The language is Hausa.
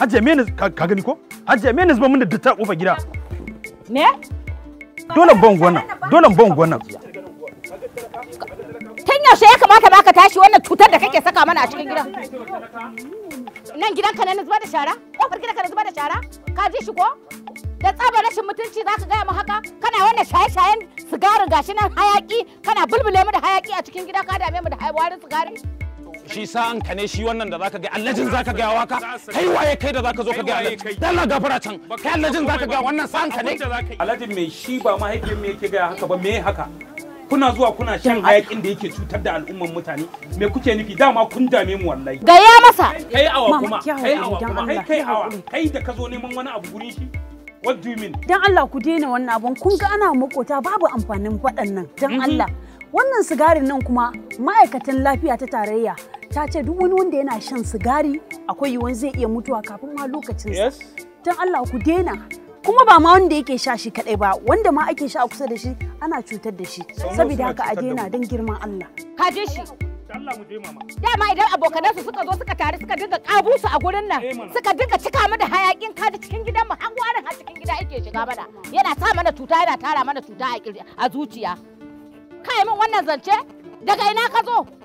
Hajiya Menis ka gani ko? Hajiya Menis ba mun da ta kofa gida. Me? Dole ban gwanan, dole ban gwanan. Tun yaushe ya kamata ba ka tashi wannan cutar da kake saka mana a cikin gidan. Nan gidanka na zuba da shara? Kofar gidanka na zuba da shara? Ka ji shi ko? da tsaba rashin mutunci za ka gaya mu haka kana wannan shaye-shayen sigarin gashi nan hayaki kana bulbule mu da hayaki a cikin gida ka dame mu da warin sigarin. shi sa ka kane shi wannan da zaka ga allajin zaka ga waka kai waye kai da zaka zo ka ga allajin dalla gafara can kai allajin zaka ga wannan sa ka kane allajin mai shi ba mahaifin me yake ga haka ba me haka kuna zuwa kuna shan hayakin da yake cutar da al'umman mutane me kuke nufi dama kun dame mu wallahi ya masa kai awa kuma kai awa kuma kai kai awa kai da ka zo neman wani abu gurin shi what do you mean dan Allah ku daina wannan abun kun ga ana makota babu amfanin faɗan nan dan mhm. Allah wannan sigarin nan kuma ma'aikatan lafiya ta tarayya ta ce duk wani wanda yana shan sigari akwai yiwuwar zai iya mutuwa kafin ma lokacin sa don Allah ku daina kuma ba ma wanda yake sha shi kadai ba wanda ma ake sha a kusa da shi ana cutar da shi saboda haka a daina don girman Allah ka je shi Dama idan abokanan su suka zo suka tare suka dinga kabusu a gurin nan eh, suka dinga cika mana hayakin kaji cikin gidan mu an gwarin har cikin gida yake shiga mana. Yana sa mana cuta yana tara mana cuta a zuciya. Kai min wannan zance daga ina ka zo?